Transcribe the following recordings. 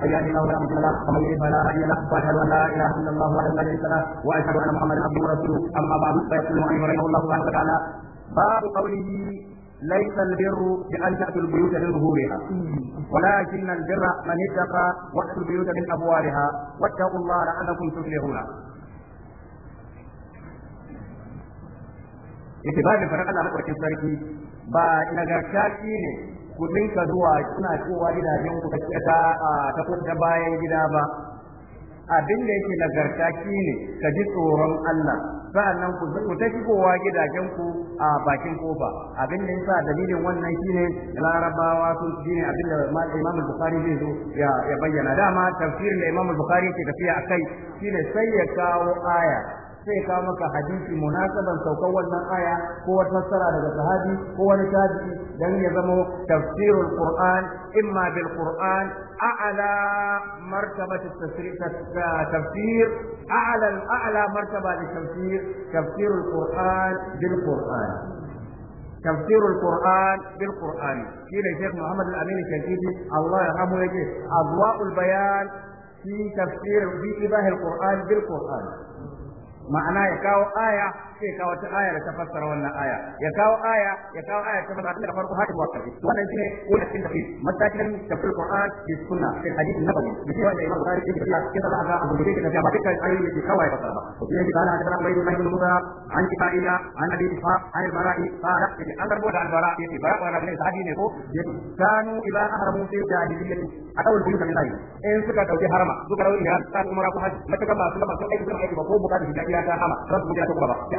سيدنا ولا مثل له ومن يرد فلا هادي له واشهد ان لا اله الا الله وحده لا شريك له واشهد ان محمدا عبده ورسوله اما بعد فيقول المؤمن رحمه الله سبحانه وتعالى باب قوله ليس البر بأن تأتوا البيوت من ظهورها ولكن البر من اتقى وأتوا البيوت من أبوابها واتقوا الله لعلكم تفلحون اتباع فرق الله sarki ba nagarta shi ne kudin ka zuwa suna cewa gidajen ku ta ta ta bayan gida ba abin da yake nagarta kine ka ji tsoron Allah sa'annan ku ku ta kowa gidajen ku a bakin kofa abin da yasa dalilin wannan shine larabawa sun ne abin da Imam Bukhari zai zo ya bayyana dama tafsirin da Imam Bukhari ke tafiya akai shine sai ya kawo aya sai ka maka hadisi munasaban saukar wannan aya ko wata fassara daga sahabi ko wani tabi'i dan ya zama tafsirul qur'an imma bil qur'an a'la martabat tafsir a'la a'la martaba tafsir tafsirul qur'an bil qur'an تفسير القرآن بالقرآن كيل الشيخ محمد الأمين الشنقيطي الله يرحمه يجي أضواء البيان في تفسير في إباه القرآن بالقرآن ma'ana ya kawo aya sai kawo ta aya da ta fassara wannan aya ya kawo aya ya kawo aya ta fassara da farko har zuwa ƙarshe wannan shine ko da tafi matakin tafsir Qur'an da sunna da hadisi na babu da cewa da Imam Bukhari da ke da aka abu da ke da ba kai ayoyi da kawai ba ba to sai kana da Allah bai mai musa an ki fa'ida an abi fa an bara'i fa da an garbo da albara'i ke ba wannan ne sahabi ne ko kanu ila ahramu fi jahiliyyati a dawul bin kan sai in suka dauki harama suka rawu ne har ta umara ko haji matakan ba su ba su aiki ba ko bukatu da iya ta hama rabu da ta ba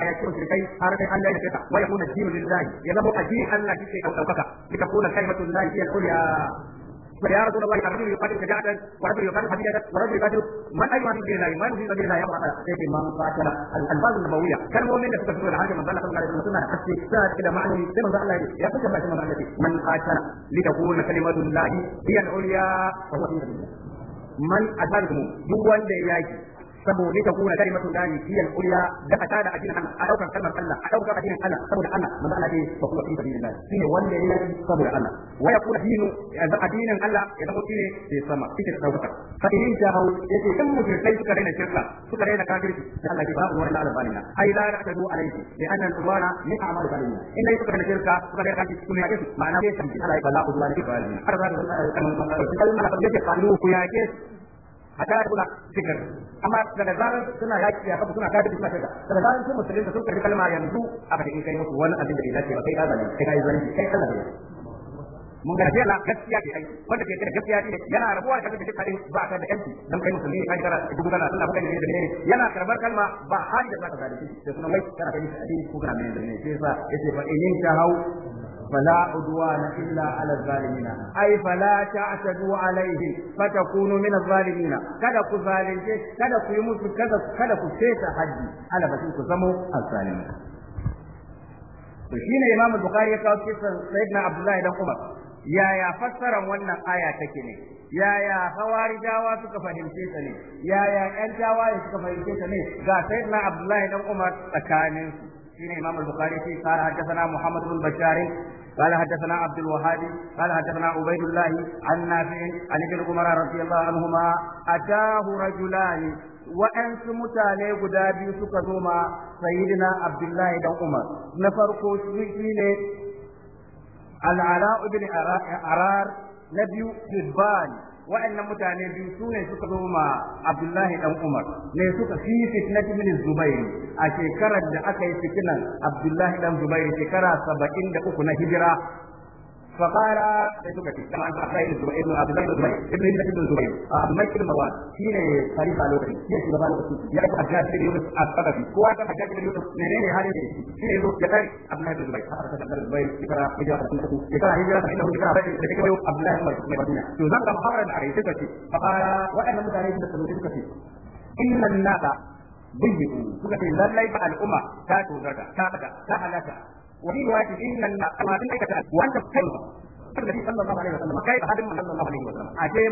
ayati mushrikai har kai Allah ya kasa wa yakuna dinu lillahi ya zama addini Allah kike daukaka kika kuna kalimatu lillahi ya ulya فيا رسول الله الرجل يقاتل شجاعة ورجل يقاتل حديدة ورجل يقاتل من أي واحد في الله من في سبيل الله يقرأ سيف ما قاتل الألفاظ النبوية كان مؤمن يفكر في العاجل من ظل صلى الله عليه وسلم حتى ساد إلى معنوي كما ظل الله يقول كما ثم ظل من قاتل لتكون كلمة الله هي العليا فهو في سبيل الله من أدركم دون ياجي saboda ta kuna kalimatu dani hiya al-ulya da aka da addinin Allah a daukar kalmar Allah a daukar addinin Allah saboda Allah manzo Allah ce fa kuma fi sabilillah shine wanda ya yi saboda Allah wa yakuna dinu addinin Allah ya zama shine ke sama cikin daukar fa in ta hau yace kan mushrikai suka daina shirka suka daina kafirci Allah ke babu wani Allah balina ai la rakadu alayhi li anna al-qur'ana a'mal balina in dai suka daina shirka suka daina kafirci kuma yake ma'ana sai tambi Allah ya bala udwani balina har da Allah ya kalmar Allah ya kalmar Allah ya kalmar Allah ya kalmar a ya kula fikir amma daga zarar suna yaki ya kafa suna kada suna kaza daga zarar sun musulmi sun karbi kalma yanzu aka da kai musu wani abin da bai dace ba kai kaza ne kai kai kai kaza ne mun ga sai la gaskiya ke kai wanda ke da gaskiya ne yana rabuwa da kaga ba ka da yanci dan kai musulmi kai kana duk kana suna baka ne da ne yana karbar kalma ba hali da zaka zalunci sai kuma mai kana kai shi ne da ne sai sa yace fa eh, in ta hau فلا عدوان إلا على الظالمين أي فلا تعتدوا عليهم فتكونوا من الظالمين kada ku zalunce kada ku yi musu kada kada ku fesa haji ala ku zamo azzalimi to shine imamu bukhari ya kawo kisan sayyidina abdullahi dan umar yaya fassaran wannan aya take ne yaya hawarijawa suka fahimce ta ne yaya yan jawaye suka fahimce ta ne ga sayyidina abdullahi dan umar tsakaninsu شين إمام البخاري في قال حدثنا محمد بن بشار قال حدثنا عبد الوهاب قال حدثنا عبيد الله عن نافع عن ابن عمر رضي الله عنهما أتاه رجلان wa'yansu mutane guda biyu suka zo ma sayyidina Abdullahi dan Umar na farko shi ne al'ala ibn arar na biyu Hibban wa'annan mutane biyu su ne suka zo ma Abdullahi dan Umar ne suka fi fitnat ibn Zubair a shekarar da aka yi fitinan Abdullahi dan Zubair shekara 73 na hijira فقال ان اخي الزبير ابن ابن بن ان الناس ضيقوا سكتي لن يبقى الامه تاتوا زكاه تاتى تهلكه وفي رواية إن الأقوات التي كتبت وأنت تتكلم Allah ya yi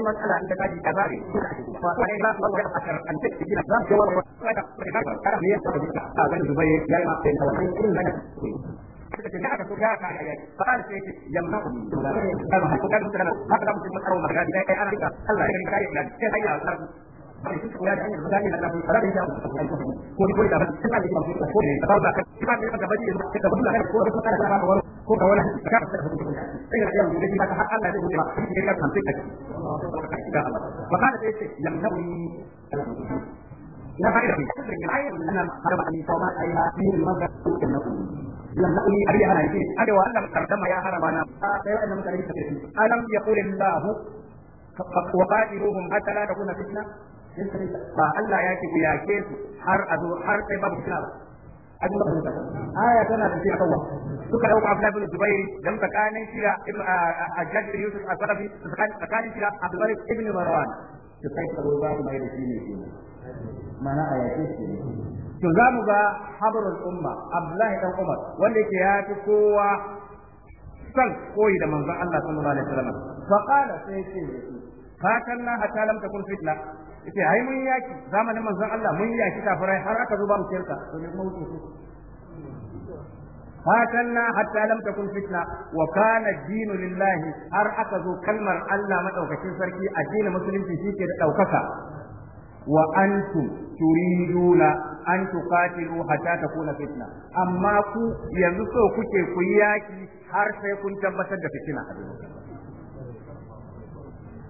wa فقال يمنعني لا فائدة فيه العين أنا حرم أن يصوم أيها فيه المنزل يمنعني لمنعني أبي أنا يجي أدوى أن تردم يا حرم أنا أيها أن مكان يجي ألم يقول الله وقاتلوهم حتى لا تكون فتنة ba Allah ya ce ku yake su har a zo har sai babu kina ba ajin babu kina aya tana da shi akan suka dauka Abdullah bin Zubair dan tsakanin shi da Ibn Hajjaj bin Yusuf al-Sarafi tsakanin shi da Abdullah ibn Marwan to sai ka zo babu mai da shi ne mana a yake shi to za mu ga habrul umma Abdullahi dan Umar wanda yake ya fi kowa san koyi da manzon Allah sallallahu alaihi wasallam fa qala sai ce fatanna hatta lam takun fitna yace ai mun yaki zamanin manzon Allah mun yaki kafirai har aka zo mu shirka to ne kuma wuce su hatta lam takun fitna wa kana dinu lillahi har aka zo kalmar Allah madaukakin sarki addinin musulunci shike da daukaka wa antum turiduna an tuqatilu hatta takuna fitna amma ku yanzu so kuke ku yaki har sai kun tabbatar da fitina a duniya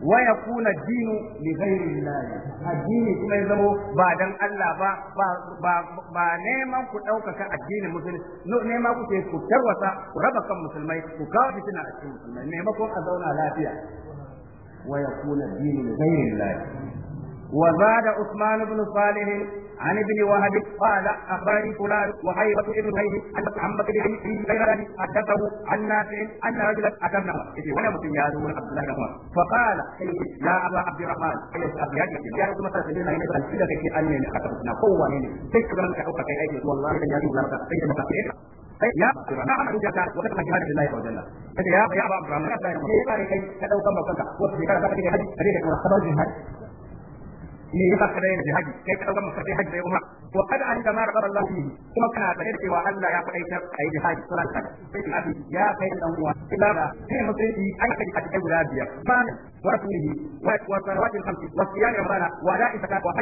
ويكون الدين لغير الله addini kuma ya zamo ba dan Allah ba ba neman ku ɗaukaka addinin musulmi neman ku ku tarwasa ku raba kan musulmai ku kawo fitina a cikin musulmai maimakon a zauna lafiya wa yakuna dinu li ghayri Allah wa zada Usman ibn Salih عن ابن وهب قال اخبرني فلان وحيرة ابن غيره ان محمد بن عيسى غير حدثه عن نافع ان رجلا اتى ابن عمر ولا مسلم يا عبد الله بن عمر فقال يا ابا عبد الرحمن يا رسول الله صلى الله عليه وسلم كذا كي انني خطبنا قوه مني تكبر لك حقك اي والله لن يجوز لك اي مكافئه ya na amma da ka wata kan jihad billahi wa jalla kace ya ya ba Abraham ya da kai ka dauka maka ko ka ka da haji da kuma sabar jihad me yasa ka da jihadi kai ka dauka maka sai da umra wa kada an da mara kuma kana da yake Allah ya faɗa ayi kai jihadi sallallahu alaihi wasallam ya kai dan uwa ila sai an kai ka guda biyar ba wa rasulihi wa wa salawatil khamsi wa siyam wa da'i zakat wa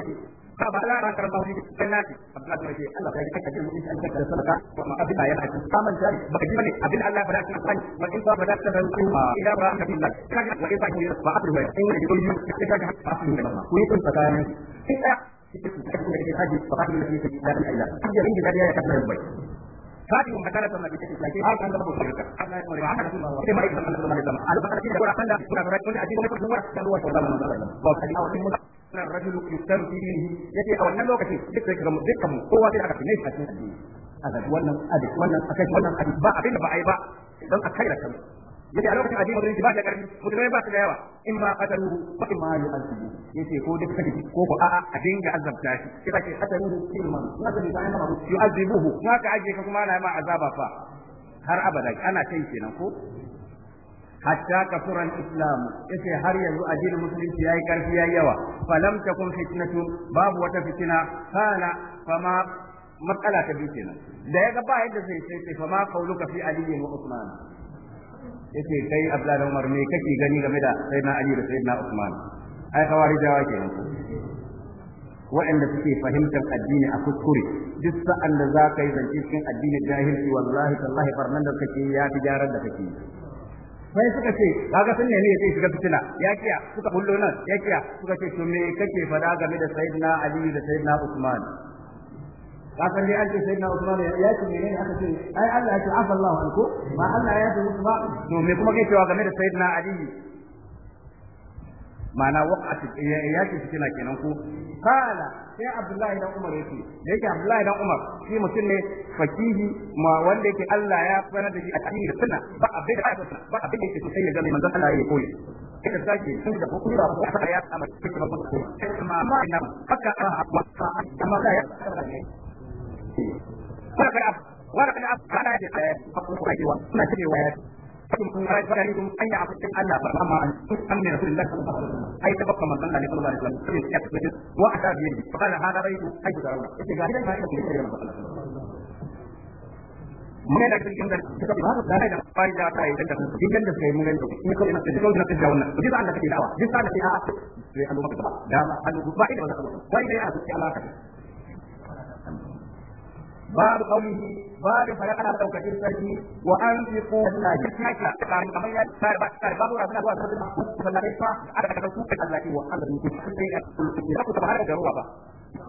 ba la ba karba wani jannati abdullahi bin shi Allah ya kaka jin mutunci an kaka sadaka wa ma abin ya haɗu saman jari baka ji bane abin Allah ya fada cikin kan wa in ba ta ran ku ma ila ba ka billah kaga wa in ba ba abdu wa in ne kun yi kaga ka fasu ne ba ku yi kun tsakanin da haji ke da Allah kaga inda da ya kaka bai فاتهم حكانة ما بيتك لكن هذا كان ربه شركة أما يقول وعمل رسول الله كما يقول الله عليه وسلم على بقى كده كده كده كده كده كده كده كده كده كده كده كده كده كده كده كده كده nan rajulu yusar fi dinihi yace a wannan lokacin duk sai mu kowa sai aka fi nai a cikin addini azan wannan abin wannan akai wannan abin ba abin da ba ai ba dan akai da kanmu yace a lokacin addini musulunci ba shi karfi musulmai ba su da yawa in ma qataluhu fa in ma yu'azibu yace ko duk kake ko ko a'a a dinga azabta shi sai kake qataluhu ilman na da bayan ma yu'azibuhu ma ka aje ka kuma na ma azaba fa har abada ana kai kenan ko hatta kasura al-islam ce har yanzu addinin musulunci yayi karfi yayi yawa falam takun fitnatu babu wata fitina kana fama matsala ta bi kenan da yaga ba yadda zai sai sai fama kauluka fi ali wa usman yace kai abdullahi umar me kake gani game da sayyidina ali da sayyidina usman ai kawari jawa kenan waɗanda suke fahimtar addini a kuskure duk sa'an da za ka yi zance cikin addinin jahilci wallahi tallahi farnan da kake ya fi gyaran da kake sai suka ce kaga sun ne ya shiga fitina ya kiya suka bullo nan ya kiya suka ce to me kake fada game da sayyidina ali da sayyidina usman kasan dai an ce sayyidina usman ya ce ne aka ce ai Allah ya ce afa Allah anku ma Allah ya ce musu ba to me kuma kake cewa game da sayyidina ali ma'ana waqati ya ce fitina kenan ko kala sai abdullahi dan umar yake da yake abdullahi dan umar shi mutum ne fakihi ma wanda yake Allah ya fara da shi a cikin sunna ba abin da ba ba abin da yake so sai ya ga manzon Allah ya koyi kika sake sun da ko kuma ba ta ya cikin ba ko amma ma ina haka wa ta amma ya haka wa ta kana da ko kuma wa suna cewa فإنكم أن يعفتم a فأما أن تؤمن من رسول الله صلى الله عليه وسلم أي تبقى من ظن عليه صلى الله عليه وسلم وأتى بيده فقال هذا بيت حيث ترون إذا ما يكفي صلى الله عليه وسلم mun yana cikin inda suka bi har da da ta yi da duk da sai mun gani ni Kuma ina cikin da cikin wannan duk Allah take dawa duk da take a sai an ba da ba an ba da ba ba ida ya ci Allah ka babu qawlihi babu faraka daukacin sarki wa anfiqu la yakaka kan kamar ya tsare ba tsare babu rafa zuwa sarki ba la rafa ada ka ku kan Allah wa Allah ni ku sai a kullu ku ta har da ruwa ba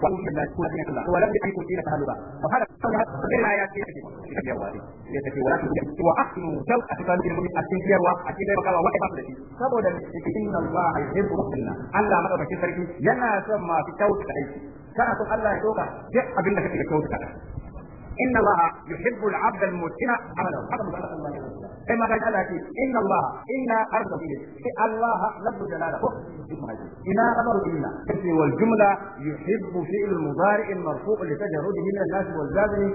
wa in la ku ne Allah wa lam yakun ila tahaluba fa hada sala la ya wadi ya take wa ku wa ahsinu jaw atkan bil mu'min atin yarwa atin da kawa wa ibadati saboda inna Allah yuhibbu mu'mina Allah madaukakin sarki yana son masu kyautata aiki kana son Allah ya doka duk abin da kake kyautata ان الله يحب العبد المتقن عمله هذا مصدق الله كما قال الله ان الله ان ارض فيه الله رب جلاله أمر خبر إلا والجملة يحب فعل المضارع المرفوع لتجرده من الناس والزازل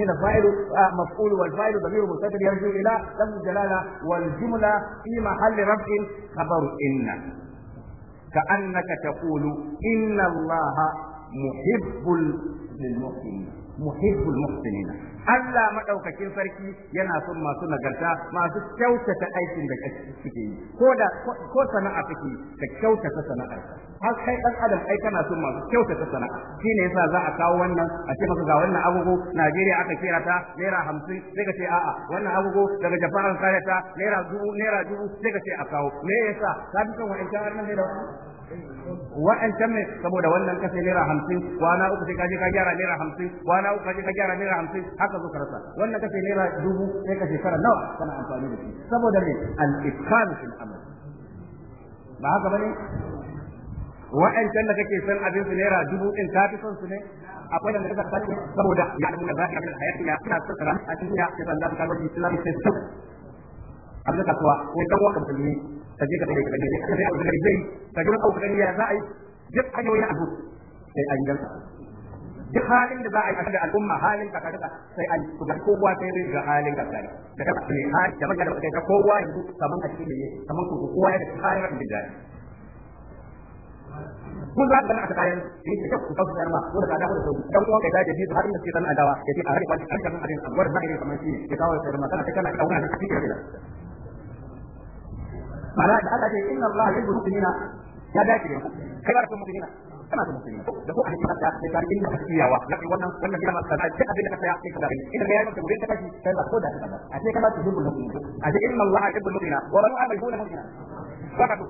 هنا فاعل آه، مفعول والفاعل ضمير مستتر يرجع إلى رب الجلالة والجملة في محل رفع خبر إن كأنك تقول إن الله محب للمؤمنين muhibbul muhsinina Allah madaukakin sarki yana son masu nagarta masu kyautata aikin da suke yi ko da ko sana'a take da kyautata sana'ar har kai dan adam aita kana son masu kyautata sana'a shine yasa za a kawo wannan a ce maka ga wannan agogo Najeriya aka kera ta naira hamsin sai ce a'a wannan agogo daga Japan an kare ta naira dubu naira dubu sai ce a kawo me yasa ka fi son wa'ancan har nan da wa'ancan ne saboda wannan ka naira hamsin kwana uku sai ka ka gyara naira hamsin kwana uku ka ka gyara naira hamsin haka zo ka rasa wannan ka naira dubu sai ka shekara nawa kana amfani da shi saboda me al-ikhan fil amal ba haka bane wa'ancan da kake san abin su naira dubu din ka fi son su ne akwai da ka san saboda ya mun da zaka min hayati ya kana son ran a cikin ya san da ka ga sai su abin da kasuwa ko dan waka ne ka je ka tsaye ka gaje ka tsaye ka gaje ka ga ya za a yi duk hanyoyin abu sai an ganka duk halin da za a yi da al'umma halin ka kaga sai an ga kowa sai rin ga halin ka kai da ka ne ha da maka da kai kowa yanzu kaman a cikin ne kaman ku kowa ya da halin da dai kun za a aka kayan in ka ku kasu da Allah ko da kada ku dan uwan kai da jibi har inda sai dan adawa yace a rike wani kan kan abin abuwar zahiri kamar shi ne ya kawo sai ma kana kana kauna da shi ke da معناها ده قال لك ان الله يحب المسلمين يا باكر كبار المسلمين كما في المسلمين ده هو حديث بتاع كان ان في واحد لكن وانا وانا كده ما سمعت كده بينك في عقلك ده ان ده يعني تقول انت كده كان خدها كده عشان كما تحب المسلمين عايز ان الله يحب المسلمين ولو عملونا هنا فقط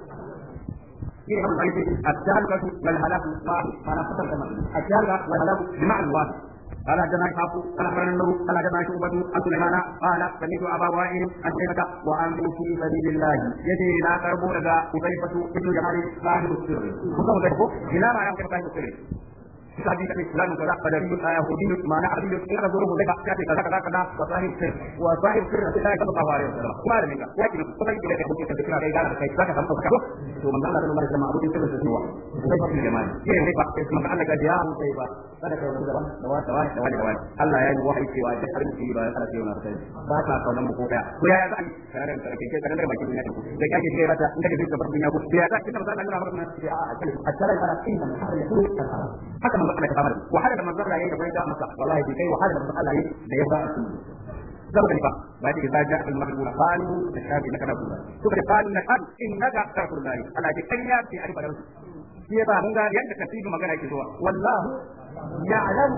يعني هم عايزين الجهل والهلاك ما ما نفسر كما الجهل والهلاك بمعنى واحد قال حدثنا اسحاق قال اخبرنا النور قال حدثنا شعبة عن سليمان قال سمعت ابا وائل عن شيبة وعن في سبيل الله يجري لا تربو لدى قتيبة ابن جمال صاحب السر. الى ما يمكن صاحب السر. sahabi kace lan kaza qadari yahudi ma'ana abin da ya zo mu daga kace kaza kaza kaza wa sahib sir wa sahib sir da sai ka ba fare kuma da nika ya kike kuma kike ka to man mai ma'ruf din sirrin suwa ke ga ya mu ba kada ka da da da Allah ya yi wahayi da harin ki ba ba ta ko ko ya a yi tare da kake tare ne ko ya za na ya a Allah ka samar wahala da manzon Allah yayi da bai da masa wallahi bai kai wahala da manzon Allah yayi da ya ba su saboda ba ba da za ja al mar'u la qalu tashabi laka rabbu saboda qalu na qad innaka taqulu Allah ke kanya fi albaran shi ya ba mun ga yanda kasibi magana ke zuwa walla. ya'lam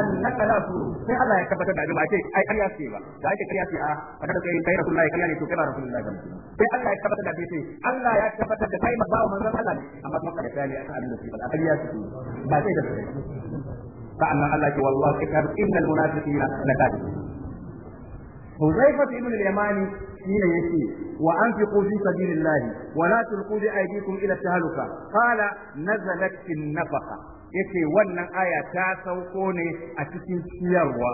annaka la su sai Allah ya tabbatar da ba ce ai ƙarya ce ba da ake ƙarya ce a kada da kai kai ya ƙarya ne to kai ba rasulullahi ba sai Allah ya tabbatar da bai ce Allah ya tabbatar da kai ba wa manzon Allah ne amma kuma kada kai ne akan abin da ke ba ƙarya ce ba sai da kai sa'annan Allah ke wallahi kitab innal munafiqina lakadibun حذيفة بن اليماني حين يشي وأنفقوا في سبيل الله ولا تلقوا بأيديكم إلى التهلكة قال نزلت النفقة yace wannan aya ta sauko ne a cikin ciyarwa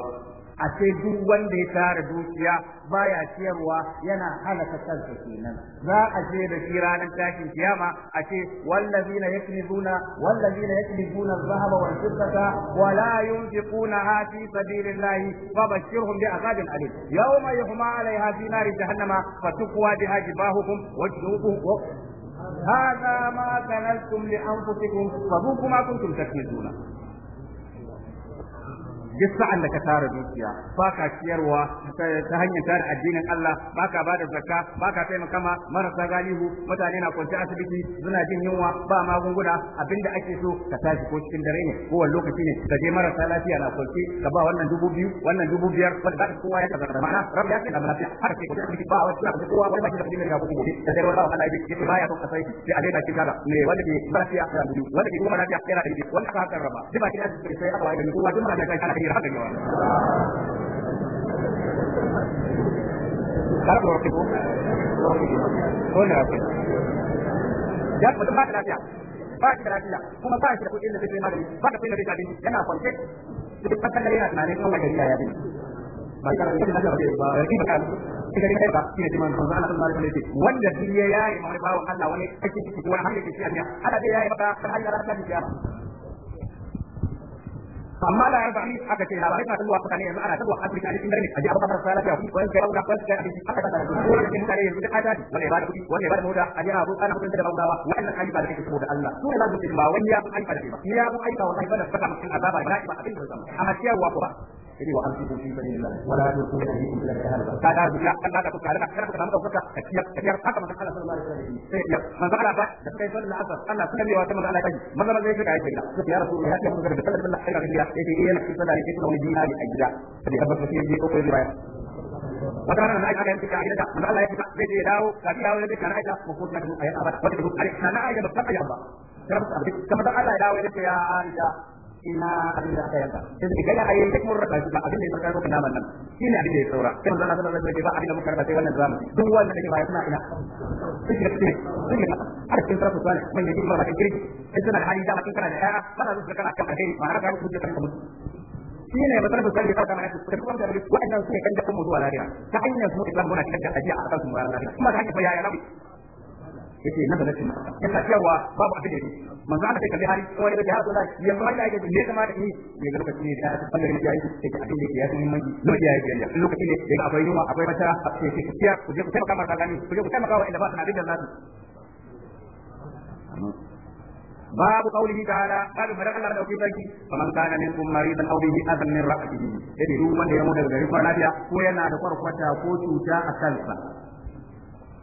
a ce duk wanda ya tara dukiya baya ciyarwa yana halaka kansa kenan za a je da shi ranar tashin kiyama a ce wallazina yaknizuna wallazina yaknizuna zahaba wal fiddata wala yunfiquna yunfiqunaha fi sabilillahi fabashirhum bi azabin alim yawma yuhma alaiha fi nari jahannama fatuqwa biha jibahuhum wa هذا ما كنزتم لأنفسكم فذوقوا ما كنتم تكنزون duk sa'an da ka tara dukiya ba ka ciyarwa ta hanyar tara addinin Allah ba ka ba da zakka ba ka taimaka ma marasa galihu mutane na kwanci asibiti suna jin yunwa ba magunguna abinda ake so ka tashi ko cikin dare ne ko wani lokaci ne ka je marasa lafiya na kwanci ka ba wannan dubu biyu wannan dubu biyar ba da kowa ya kaza mana rabu ya ce da lafiya har sai ko asibiti ba wani da kowa ba shi da kudin da kuku da dare wala Allah ya ce ba ya son kasai sai a dai da shi kaza ne wanda ke lafiya da wanda ke kuma lafiya yana da wanda ka karraba duk ba kina sai aka wai da kowa duk ba da kai كثير هذا الجواب تعرف نرقبه نرقبه ya mutum ba ka lafiya ba ka lafiya kuma ba shi da kuɗin da zai magani ba ka kuɗin da zai abinci yana kwance duk fasan da yana tunanin kan wajen yaya ne ba ka lafiya da lafiya ba ya ki baka ki ga kai ba ki ne man san Allah sallallahu alaihi wasallam wanda shi ya yayi mai bawo Allah wani kake ciki wani hanyar da shi Allah da maka har amma la yarba ni aka ce labarai na tabuwa tsakanin yanzu ana tabuwa asibiti a cikin dare a ji abu kamar sai lafiya wani kai aure wani kai abinci aka tsara da kowa cikin mutane yanzu da adadi wani ba da kuɗi wani ba da mota a ji ana abu ana mutunta da bangawa wannan ayyuka da kake saboda Allah su ne za su ce ba wani ya aika da ba ni ya aika wa aika da fata mutum azaba da ba abin da zama amma ciyarwa ko ba yace wa anfiqu fi sabilillah wa la tulqu bi aydikum ila al-jahannam ka da Allah Allah da kuka ka kada ka samu daukaka ka kiyar kiyar haka manzo Allah sallallahu alaihi wasallam sai ya manzo Allah ba da kai sallallahu alaihi wasallam Allah sunna wa manzo Allah kai manzo Allah yake da yake da ya rasul ya ce manzo da sallallahu alaihi wasallam ya ce yana kusa da yake da wani dinari a gida sai ya tabbata sai ya ko ya wata na aisha yanzu ka gidanka manzo Allah ya fita zai je dawo ka dawo ya kana aisha ko ko na da ba wata da ba ba kamar da Allah ya dawo ya ina abin da aka yanka sai su kai ayi duk mun ba abin da ya tsaka ko naman nan shine abin da ya saura sai manzo Allah sallallahu ba abin da muka raka sai wannan zamu duk wanda take baya suna ina suke cikin suke na arkin tarafu sai mun yi ba ka kirki sai suna hali da makin kana da ya kana zuwa kana kan alheri ba raka ku da mutu shi ne ba tarfa sai ka kana ka kuma da wa'annan suke kan da kuma zuwa lafiya ta hanyar su Islam muna cikin ajiya a kasu mu lafiya kuma da haka fa yaya lafiya yake na balatin cewa babu abin da yake manzo kalle hari ko da Allah ya ba da yake ne kamar da ni ne ga lokacin da ya fara abin da yake ya san ya lokacin ne da akwai akwai mata ku ku je ku gani ku ba sana da Allah باب قوله تعالى قال فدق الله لو كيفك فمن كان منكم مريضا او به اذى من راسه يدي روما يموت daga ko yana da kwarkwata ko cuta a kansa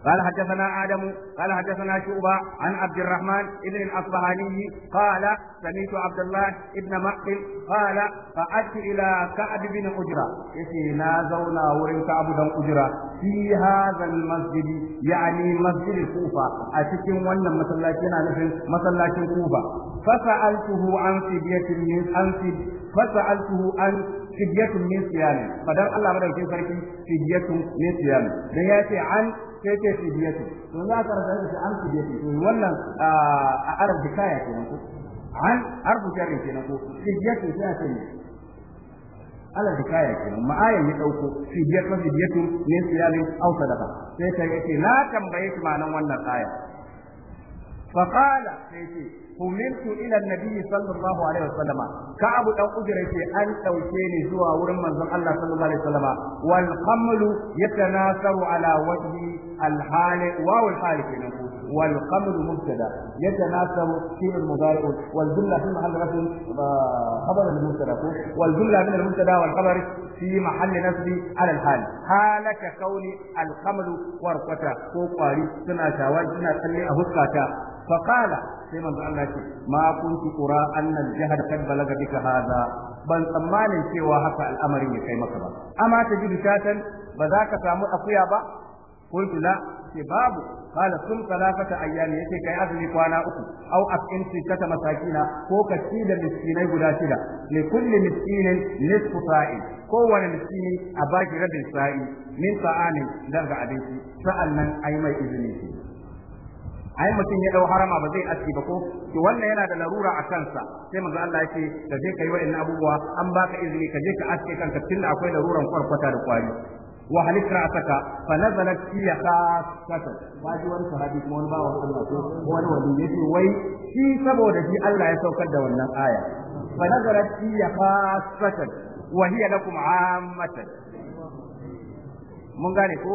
قال حدثنا آدم قال حدثنا شعبة عن عبد الرحمن بن الأصبهاني قال سمعت عبد الله بن مقل قال فأتت إلى كعب بن أجرة يسي نازونا ورن كعب بن أجرة في هذا المسجد يعني مسجد الكوفة أتكن وانا مسلاتين على مسلاتين كوفة فسألته عن فدية من أنف فسألته عن fidyatun min siyami fadan Allah madaukin sarki fidyatun min siyami dan ya ce an sai ce fidyatun to za ka rasa an fidyatun to wannan a arab hikaya kenan ko an arbu jarri kenan ko fidyatun sai ce ala da kaya ke ma'ayan ya dauko fidiyat mafidiyatu ne siyalin au sadaqa sai ta yake na tambaye shi nan wannan aya fa kala sai ce humintu ila nabi sallallahu alaihi wasallama abu dan ujra ce an dauke ni zuwa wurin manzon Allah sallallahu alaihi wasallama wal qamlu yatanasaru ala wajhi al hal wa al hal kenan wal qamlu mubtada yatanasaru fi'l mudari wal jumla fi mahall rafin ah, khabar al mubtada wal jumla min al mubtada wal khabar fi mahall nasbi kauni ko kwari suna tawaji suna tsalle a huskata فقال sai manzo Allah ce ma kunti qura annal jahad kad balaga bika hada ban tsammanin cewa haka al'amarin ya kai maka ba amma ta ji bitatan ba za ka samu akuya ba qultu la ce babu qala sun salafata ayyami yake kai azumi kwana uku au afkin sittata masakina ko ka ci da miskinai guda shida li kulli miskinin nisfu sa'i kowane miskini a baki rabin sa'i min sa'ani daga abinci sa'annan ai mai izini ai mutum ya dau harama ba zai aski ba ko to wannan yana da larura a kansa sai manzo Allah yake da je kai wa'in abubuwa an baka izini ka je ka aske kanka tunda akwai laruran kwarkwata da kwari wa halikra ataka fa nazalat fi khassatan baji wani sahabi kuma wani bawan Allah ko wani wani yace wai shi saboda shi Allah ya saukar da wannan aya fa nazalat fi khassatan wa hiya lakum ammatan mun gane ko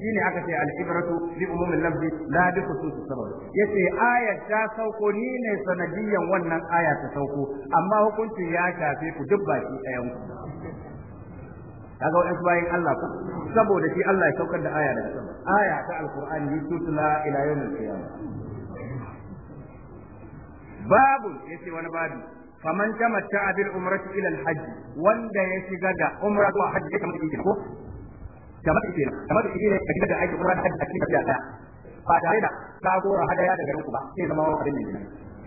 shine aka ce al-ibratu bi umumil lafzi la bi khusus sabab yace aya ta sauko ni ne sanadiyan wannan aya ta sauko amma hukuncin ya shafe ku duk baki ɗayan ku kaga wa'in bayin Allah ku saboda shi Allah ya saukar da aya daga sama aya ta alqur'ani tutula ila yawmil qiyamah babu yace wani babu faman tamatta bil umrati ila al hajj wanda ya shiga da umra ko hajji kamar yake ko kamar da kenan kamar da kenan da aiki kuma da hadda a cikin tafiya ba tare da ka gora hadaya daga ku ba sai zama abin nan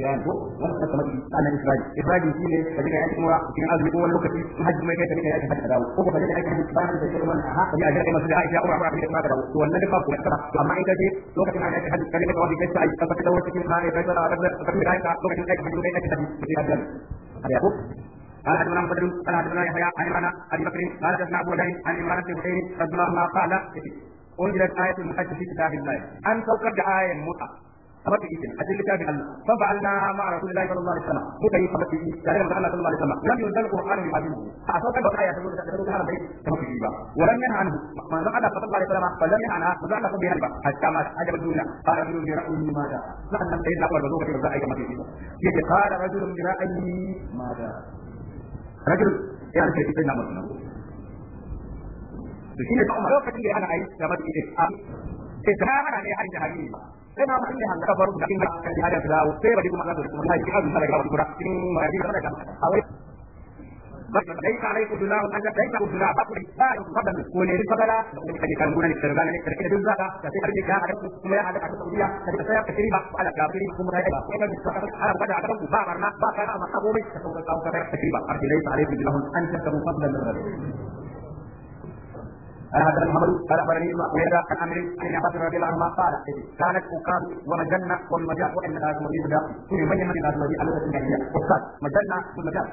yayin ko wani ta kamar sanan isra'i isra'i shi ne ka gida aiki kuma cikin azumi ko wani lokaci hajji mai kai ka gida aiki hadda dawo ko ka gida aiki ba ka da kuma ha ka gida aiki masu da aisha ko ba ka gida to wannan da ba ku da to amma in ka lokacin da aiki hadda ka gida kawai kai sai ka ka dawo cikin kare kai da ka gida aiki lokacin da aiki hadda ka gida aiki hadda قال حدثنا مسلم قال حدثنا يحيى عن عمران ابي بكر قال حدثنا ابو عن عمران بن رضي الله عنه قال انزلت آية في كتاب الله a cikin kitabin Allah fa fa'alna ma rasulullahi sallallahu alaihi wasallam muka yi sabata ikin da Allah sallallahu alaihi wasallam lam yunzal qur'anu bi hadin a saukar da aya saboda da A harbai da muke yi ba wa lam yanha anhu man zan Allah sallallahu alaihi wasallam fa lam yanha fa zan Allah bihi ba hatta ma ajaba dunya fa rajulun ma da sannan sai da a zo ka da a yi kamar yake ra'yi ma da rajul ya ce sai na mutum to shine ba umar lokacin da ana ayi da mutum ne a sai da hana ne hajji hari sai ma mutum ne hanga ka faru da kin da hajji dawo sai bari kuma za su kuma hajji azu da ga kuma cikin magana da a ليس عليك جناح ان ليس جناح فقد لا يقبل كون يفضل وكذلك كان يقول لك سرغان لك كده دزا كده كده كده عليك ثم يا عليك السعوديه كده كده كثير بقى على كافر ثم رايك كده بتستحق على بدا عدم بابرنا بقى كده ما تقومي او كده كثير بقى ليس عليك جناح ان تكون فضلا من ربك قال هذا محمد قال اخبرني ابن عبيدة عن عمرو عن عباس رضي الله عنهما قال كانت اقام ومجنة ومجاة وان هذا المدير مجاة في يبين من هذا المدير على الاسماعيلية والصاد مجنة والمجاة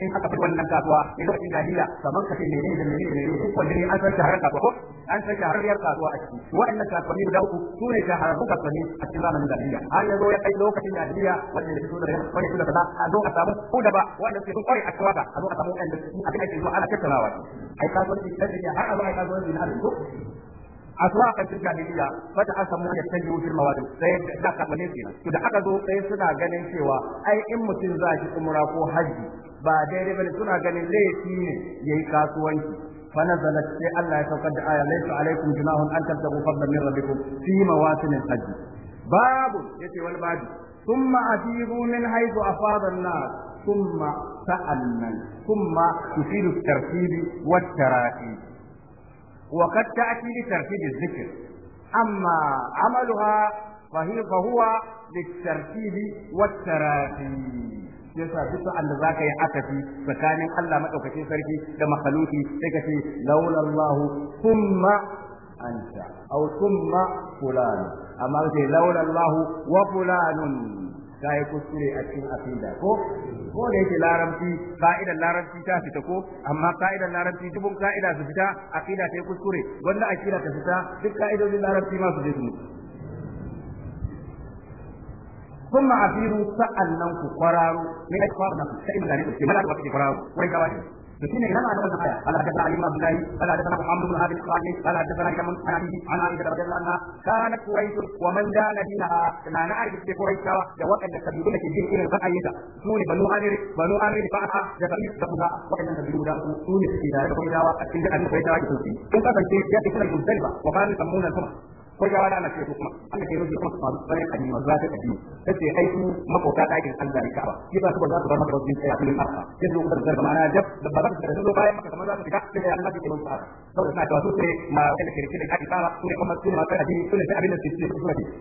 in aka fi wannan kasuwa in lokacin jahiliya kamar ka ce da menene menene duk wanda ne an san shaharar kasuwa ko an san shahararriyar kasuwa ciki wa'annan kasuwanni uku su ne shahararrun kasuwanni a cikin zamanin jahiliya har ya kai lokacin jahiliya wanda ya fito da wanda ya fito da a zo a samu ko da ba wanda suke sun kware a cewa a zo a samu wanda abin zuwa ana kasuwanci da har a zo kasuwanci na a jahiliya ya sai da to da aka zo sai suna ganin cewa ai in mutum za shi umra ko hajji ba daidai bane suna ganin laifi ne yayi kasuwanci fa nazalat sai Allah ya saukar da aya laysa alaikum junahun an tabtagu fadla min rabbikum fi mawatin alhajj babu yace wal babu thumma afidu min haythu afada an-nas thumma ta'anna thumma tufidu at-tartib wa at-tara'ib wa qad ta'ti li tartib adh-dhikr amma amalaha fa hiya fa huwa للترتيب والتراتيب yasa duk sa'an da zaka yi akafi tsakanin Allah madaukakin sarki da makhluki sai ka ce laula Allah thumma anta aw thumma fulan amma sai laula Allah wa fulanun kai kuskure a cikin aqida ko ko da yake larabci ka'idar larabci ta fita ko amma ka'idar larabci dubun ka'ida su fita aqida ta yi kuskure wanda aqida ta fita duk ka'idodin larabci ma su je su mutu ثم عبيروا سألنا كقراروا من أكبرنا سئل ذلك استمالا وفي قراروا ويجواني لكن إلى ما نقول الآية ألا حدثنا علي بن عبد الله ألا حدثنا محمد بن عبد القاسم ألا حدثنا كم عن أبيه عن عائشة رضي الله عنها كانت قريش ومن دان دينها لا نعرف في قريش وقت تبيدون في الدين إلى الرأي سوني بنو أمير بنو أمير فأحا جبريل بقضاء وقت تبيدون سوني في دار قريش أكيد أن قريش يسوسي كنت أنت يأتي كل المزدلفة وقالوا يسمون الفرق ko ya wala na ce ko kuma an ce rubi kuma masu tsarin addini sai ai su makota ɗakin Allah ne ka'aba shi ba su ba za su bar maka rubin tsaya filin arfa sai su da zarba mana jab da ba za su bayan maka kamar za su fita sai Allah ke mun fara saboda na tawasu sai ma kai da kirkin fara su kuma su ma kai su sai abin da su ce su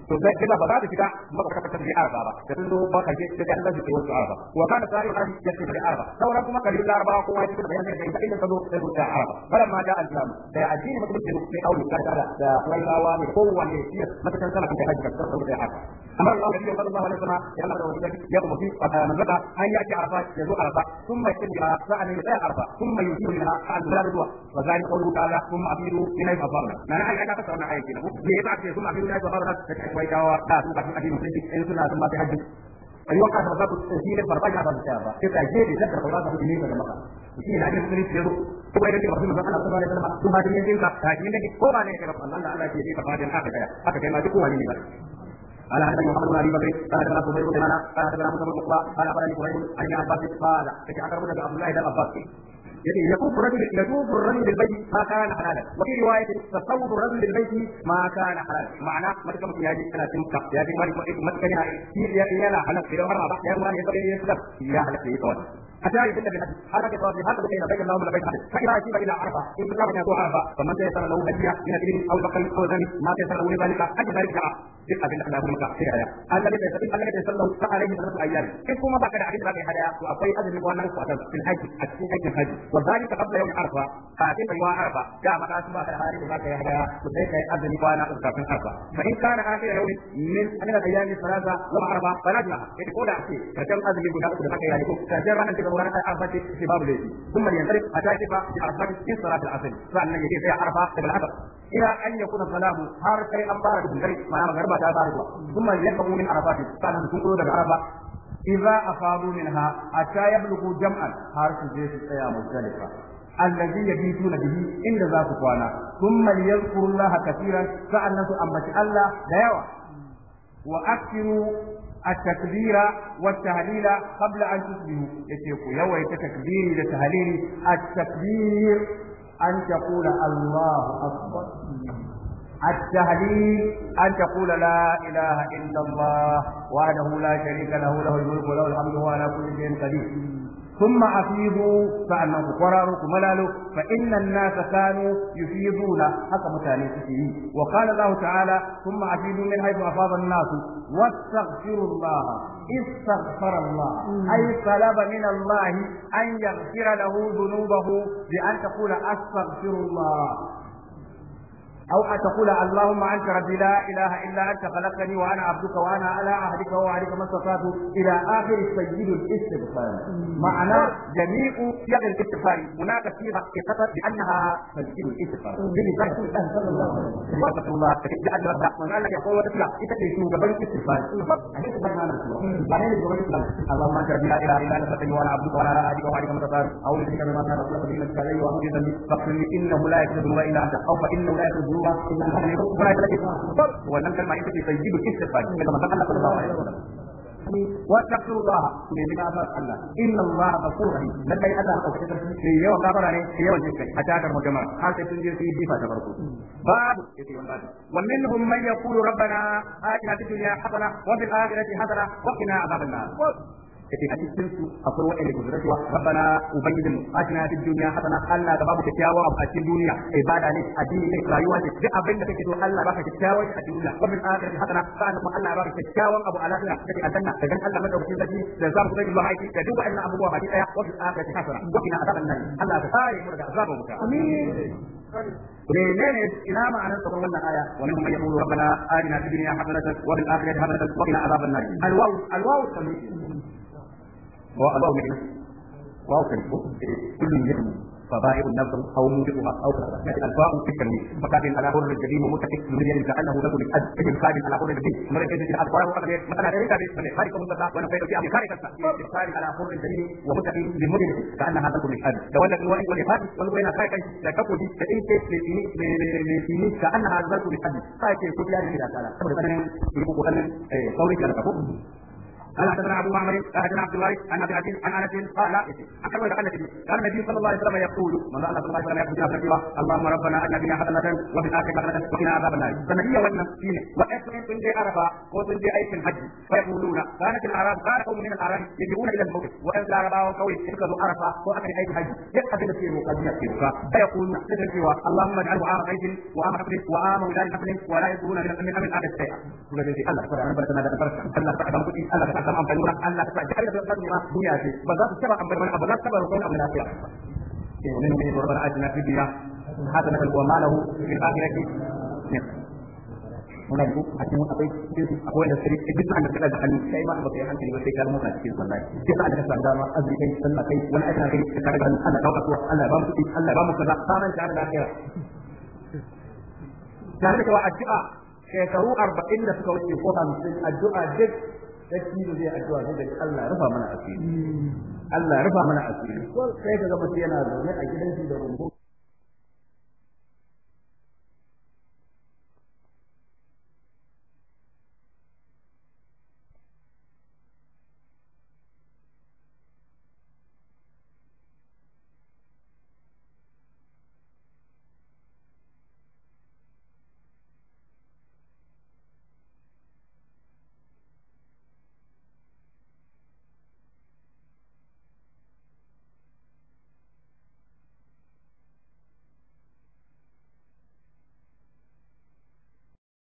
to sai kai ba za su fita maka kafa tabi arfa ba da sun zo ba kai sai Allah ke mun arfa wa kana tsarin arfa ya ce da arfa sauran kuma kai da arfa ko wani da da kai da zo sai su ta arfa balan ma da al da addini mutum ke da aure kada da rayuwa ne ko kowanne iya matakan kana kai hajji ka sauka da haka amma Allah ya yarda Allah alaihi wasallam ya Allah da wani ya kuma fi man rada an ya arfa ya zo arfa ya ya tsaya arfa wa zai qawlu ta'ala kuma abidu ila mabarna na na ya ka sauna aiki na ne ya ce ta kai dawa da su ka addini musulunci in suna sun ma hajji da tsire ba ta ba sai ka je da zakar ba za ne maka shi ne ne ko bai da cewa sun Allah sallallahu alaihi wasallam sun hadin yin ka hadin da ko ba ne ka Allah Allah Allah ke yi ka fadin haka daya haka kai ma duk wani ne ba قال حدثنا محمد بن ابي بكر قال حدثنا زهير بن مانا قال حدثنا موسى بن عقبه قال اخبرني قريب عن ابن عباس قال فتعقرب بن عبد الله بن عباس يعني يطوف الرجل يطوف الرجل بالبيت ما كان حلالا وفي روايه تصوف الرجل بالبيت ما كان حلالا معنى ما تكلم في هذه انا ما تكلم في يا لا حتى يحل بالحج حركة راسه حتى بين بين اللهم لبيك حج فإذا أتيب إلى عرفة إن الله من يدعو عرفة فمن تيسر له هدية من الإبل أو البقر أو الغنم ما تيسر له ذلك أجل ذلك دعاء دقة بين الله مكة في الآية الذي تيسر الذي تيسر له فعليه ثلاثة أيام إن كما بقى عبد الله هدايا وأقوي أجل وأنا في الحج في الحج وذلك قبل يوم عرفة فأتي في عرفة جاء مكة سبا كهاري وذاك هدايا وذلك أجل وأنا في عرفة فإن كان آخر يوم من من الأيام الثلاثة يوم عرفة فنجمها إذ قول أحسي فكم أجل وأنا في الحج wani a fati shi har laifi kun man yansarif a ta kifa a arfati in salatu asali sannan yake sai arfa da balaka ila an yakuna salamu har kai an fara da ta fara kuwa kun man yakamu min arfati sannan sun kuro daga arfa idza afabu minha hatta yablughu jam'an har su je su tsaya muzdalifa الذي يبيتون به إن ذاك قوانا ثم ليذكروا الله كثيرا فأنه أمت الله لا وأكثروا التكبير والتهليل قبل أن تسلموا يتيقوا يوي تكبير لتهليل التكبير أن تقول الله أكبر التهليل أن تقول لا إله إلا الله وحده لا شريك له له الملك وله الحمد وعلى كل شيء قدير ثم أفيضوا فأنه قرار ملال فإن الناس كانوا يفيضون حتى متاني وقال الله تعالى ثم أفيضوا من حيث أفاض الناس واستغفروا الله استغفر الله أي طلب من الله أن يغفر له ذنوبه بأن تقول أستغفر الله أو أن تقول اللهم أنت ربي لا إله إلا أنت خلقتني وأنا عبدك وأنا على عهدك ووعدك ما استطعت إلى آخر سيد الاستغفار معنى جميع صيغ الاستغفار هناك صيغة اقتضت بأنها سيد الاستغفار بلسان الله صلى الله عليه وسلم الله جعل ربك وقال لك يقول وتطلع إذا كنت قبل الاستغفار اللهم أنت ربي لا إله إلا أنت خلقتني وأنا عبدك وأنا على عهدك ووعدك ما استطعت أو لك بما كان ربك بإنك علي وأخذ إنه لا يكذب إلا أنت أو فإنه لا يكذب ba ba ya tsaye ba wannan kalma ita ce sai gidu istifa ne kamar Allah ko ba wa taqullaha ne bi ba Allah inna Allah ghafurur rahim nan dai Allah ko kace ne yawa gafara ne yawa jikai a ta dar mutum har sai tun jirki difa ta farko babu yake wanda wa minhum man yaqulu rabbana atina fid dunya hasana wa fil akhirati hasana wa qina adhaban nar kace a cikin su akwai wa'anda ke zuwa rabbana ubayyidin atina fid dunya hasana Allah ka babu kyakkyawa a cikin duniya ibada ne addini ne rayuwa ce duk abin da kake so Allah baka kyakkyawa a duniya wa min akhirati hasana sa'an kuma Allah baka kyakkyawan abu alakhirah kace aljanna da dan Allah madaukakin sarki da za mu sai ma'aiki da duk wa'annan abubuwa baki daya wa min akhirati hasana wa qina azaban nar Allah ka kare mu daga azabar wuta amin menene ina ma'anar tsaron wannan aya wa minhum man rabbana atina fid dunya hasanatan wa fil akhirati hasanatan wa qina azaban nar alwaw alwaw والله من واصل كل يوم فبائع النفس او موجبها او الفاء في التنميه فقد على حر الجبين ومتكئ مريا كانه رجل اجد الخادم على حر الجبين مريا اجد الاطوار وقد مثلا ليس بخارج مطلقا ولا خير في امر خارج الخارج على حر الجبين ومتكئ لمريا كانها رجل اجد تولى الوالد والافاد والبين خارج تكفل فان كيف لسيني كانها رجل اجد فاكر كل هذه الاسئله قولي كان قال حدثنا ابو معمر قال حدثنا عبد الله عن ابي عزيز عن انس قال حتى ولا قال النبي صلى الله عليه وسلم يقول من الله صلى الله عليه وسلم يقول في اللهم ربنا اتنا بنا حسنه وفي الاخره حسنه وقنا عذاب النار فنبي ولنا فيه واسلم من دي عرفه وفي دي اي الحج فيقولون كانت الاعراب قال قوم من الاعراب يجيئون الى الموقف وان العرب وقوي اتخذوا عرفه واكل اي الحج يقعد في وقد تلك فيقول سوى اللهم اجعله عام عيد وعام حفل وعام ولاد حفل ولا يدخلون من امر الاخر شيئا. الله الله samu amfani wurin Allah ta ji da zan ma duniya ce ba za su taba amfani wani abu za su taba rukun abu lafiya inna min rabbana atina fid dunya hasanatan wa ma lahu fil akhirati muna duk a cikin akwai cikin su akwai da sirri duk sa'an da kada da hannu kai ma ba kai hankali ba sai ka mutu a cikin wallahi duk sa'an da ka samu dama azumi kai sallah kai wani aika kai ka kada hannu Allah dauka kuwa Allah ba mu kuɗi Allah ba mu kaza sanan tare da kai tare da addu'a shekaru 40 da suka wuce ko 50 addu'a duk dacci da zai addu'a sai daga Allah rufa mana asiri Allah rufa mana asiri sai kaga mutum yana zaune a gidan shi da rumbu